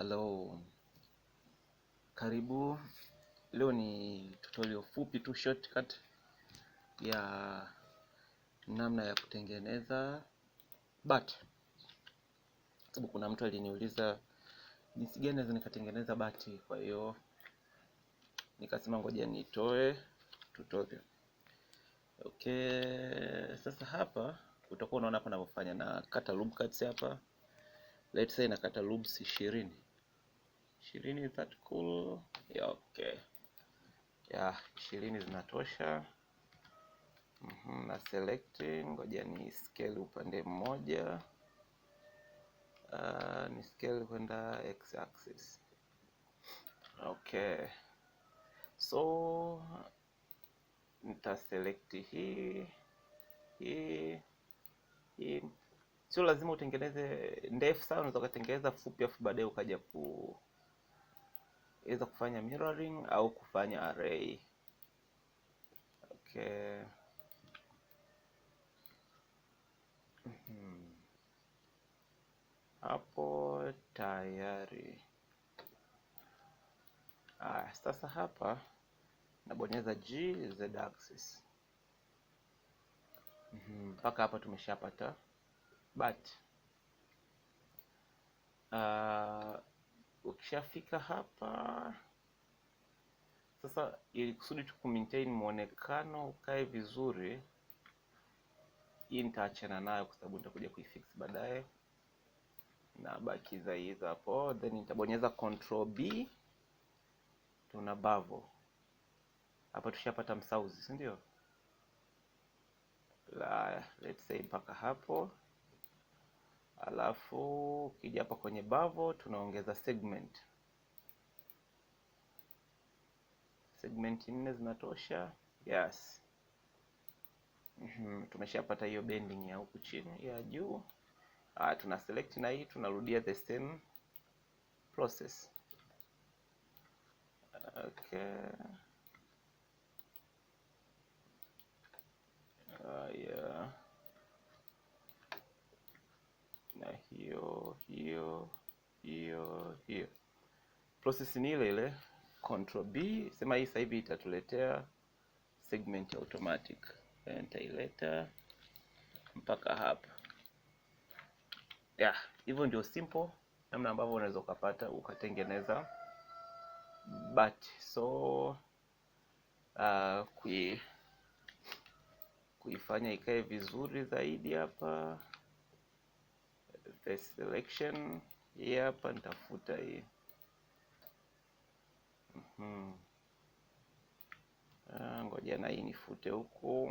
Hello. Karibu. Leo ni tutorial fupi tu shortcut ya namna ya kutengeneza bat. Sababu kuna mtu aliniuliza jinsi gani naweza nikatengeneza bati, kwa hiyo nikasema ngoja nitoe tutorial. Okay, sasa hapa utakuwa unaona hapa ninavyofanya na kata loop cuts hapa. Let's say na kata loops ishirini ishirini is that cool? Yeah, okay. ishirini zinatosha. mm -hmm, na select, ngoja ni scale upande mmoja. Uh, ni scale kwenda x axis. Okay, so select hii hii hii. Sio lazima utengeneze ndefu sana, unaweza ukatengeneza fupi afu baadaye ukaja ku either kufanya mirroring au kufanya array. Okay. Hmm. hapo Tayari. Ah, sasa hapa nabonyeza G Z axis hmm, mpaka hapa tumeshapata but uh, Ukishafika hapa sasa, ili kusudi tu kumaintain muonekano ukae vizuri, hii nitaachana nayo kwa sababu nitakuja kuifix baadaye. Nabakiza hizi hapo, then nitabonyeza control B. Tuna bavo hapa, tushapata msauzi, si ndio? La, let's say mpaka hapo alafu ukija hapa kwenye bavo tunaongeza segment. Segment nne zinatosha. Yes, mhm, tumeshapata hiyo bending ya huku chini ya juu. Ah, tuna select na hii tunarudia the same process. Okay. Uh, yeah. hiyo hiyo hiyo hiyo. Process ni ile ile, control B. Sema hii sasa hivi itatuletea segment automatic, eh, nitaileta mpaka hapa yeah. Hivyo ndio simple namna ambavyo unaweza ukapata ukatengeneza but so uh, kui kuifanya ikae vizuri zaidi hapa paste selection hii hapa nitafuta e. hii mhm. ah, ngoja na hii nifute huku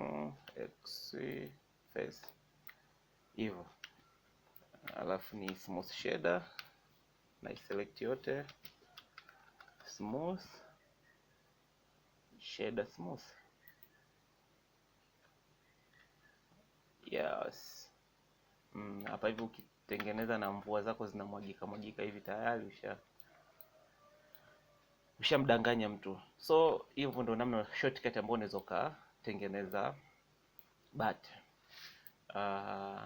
x face hivyo, alafu ni smooth shader na select yote smooth shader smooth yes. Mm, hivyo tengeneza na mvua zako zinamwagika mwagika hivi, tayari usha ushamdanganya mtu. So hivyo ndio namna shortcut ambayo unaweza ukatengeneza but Uh,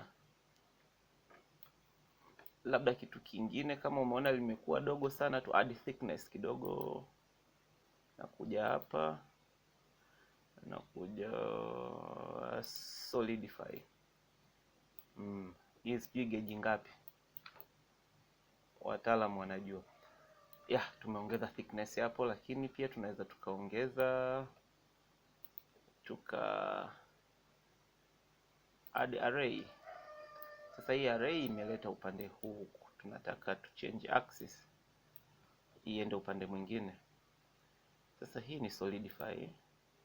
labda kitu kingine kama umeona limekuwa dogo sana tu add thickness kidogo, nakuja hapa nakuja solidify mm hii sijui geji ngapi, wataalamu wanajua. Ya, tumeongeza thickness hapo, lakini pia tunaweza tukaongeza tuka add array. Sasa hii array imeleta upande huu tunataka tu change axis iende upande mwingine. Sasa hii ni solidify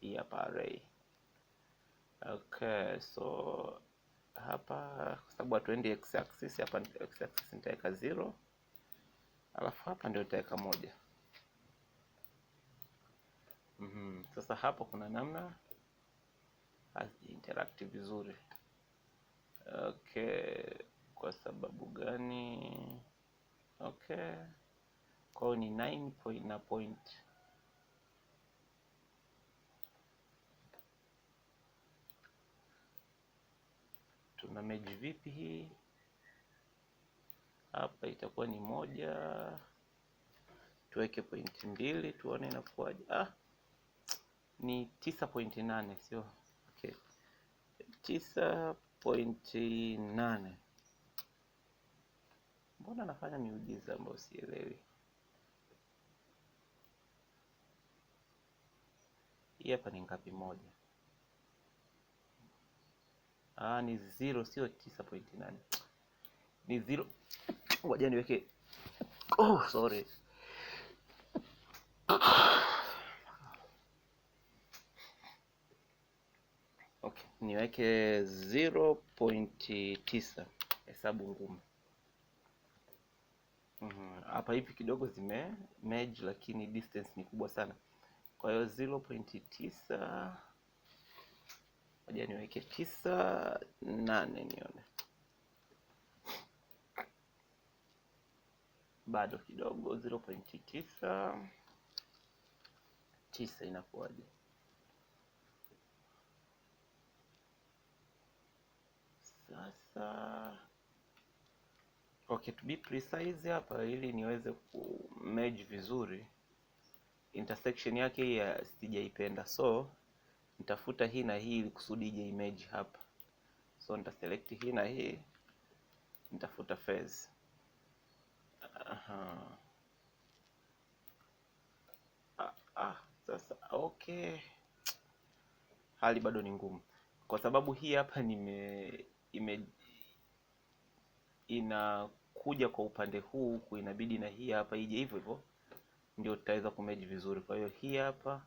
hii hapa array. Okay, so hapa kwa sababu hatuendi x axis, hapa x axis nitaweka 0 alafu hapa ndio nitaweka moja. mm -hmm. Sasa hapo kuna namna haziinteract vizuri. Okay, kwa sababu gani? Okay, kwao ni 9 point na point meji vipi hii hapa, itakuwa ni moja, tuweke pointi mbili tuone inakuwaje. Ah, ni tisa pointi nane sio? Okay, tisa pointi nane. Mbona nafanya miujiza ambayo sielewi? Hii hapa ni ngapi? Moja Ah, ni zero sio tisa pointi nane ni zero. Ngoja niweke. Oh, sorry. Okay, niweke 0.9 hesabu ngumu. Mhm, hapa hivi kidogo zime merge, lakini distance ni kubwa sana, kwa hiyo 0.9 Ngoja niweke tisa nane nione bado kidogo 0.9 tisa inakuwaje? Sasa okay, to be precise hapa, ili niweze ku merge vizuri intersection yake hii sijaipenda, so nitafuta hii na hii ili kusudi ije image hapa. So select hii na hii, nitafuta phase. Aha. Ah, ah, sasa okay, hali bado ni ngumu kwa sababu hii hapa nime ime inakuja kwa upande huu huku, inabidi na hii hapa ije hivyo hivyo, ndio tutaweza kumeji vizuri. Kwa hiyo hii hapa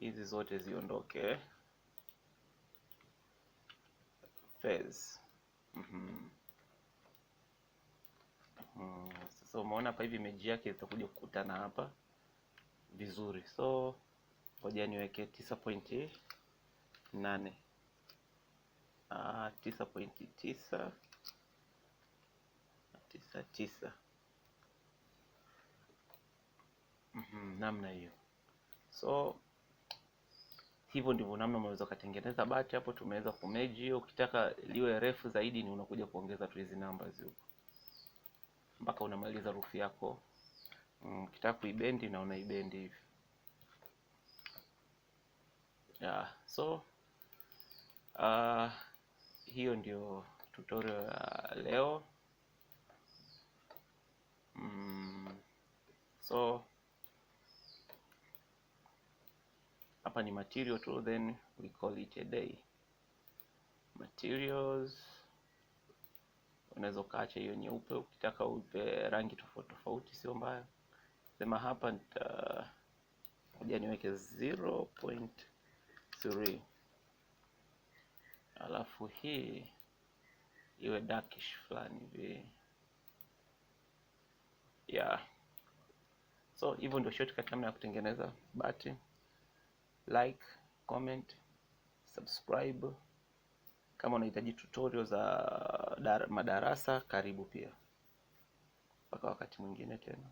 hizi zote ziondoke phase. Mm -hmm. Mm. Sasa umeona hapa hivi meji yake itakuja kukutana hapa vizuri, so ngoja niweke tisa pointi nane ah, tisa pointi tisa tisa tisa mhm, namna hiyo so hivyo ndivyo namna unaweza ukatengeneza bati hapo. Tumeweza kumeji hiyo, ukitaka liwe refu zaidi ni unakuja kuongeza tu hizi namba huko mpaka unamaliza rufu yako. Mm, ukitaka mm, kuibendi na unaibendi hivi yeah. So uh, hiyo ndio tutorial ya leo mm, so hapa ni material tu, then we call it a day. Materials unaweza ukaacha hiyo nyeupe, ukitaka uipe rangi tofauti tofauti, sio mbaya. Sema hapa uh, nita moja niweke 0.3 alafu hii iwe darkish fulani hivi yeah. So hivyo ndio shortcut namna ya kutengeneza bati like, comment, subscribe. Kama unahitaji tutorial za madarasa, karibu pia. Mpaka wakati mwingine tena.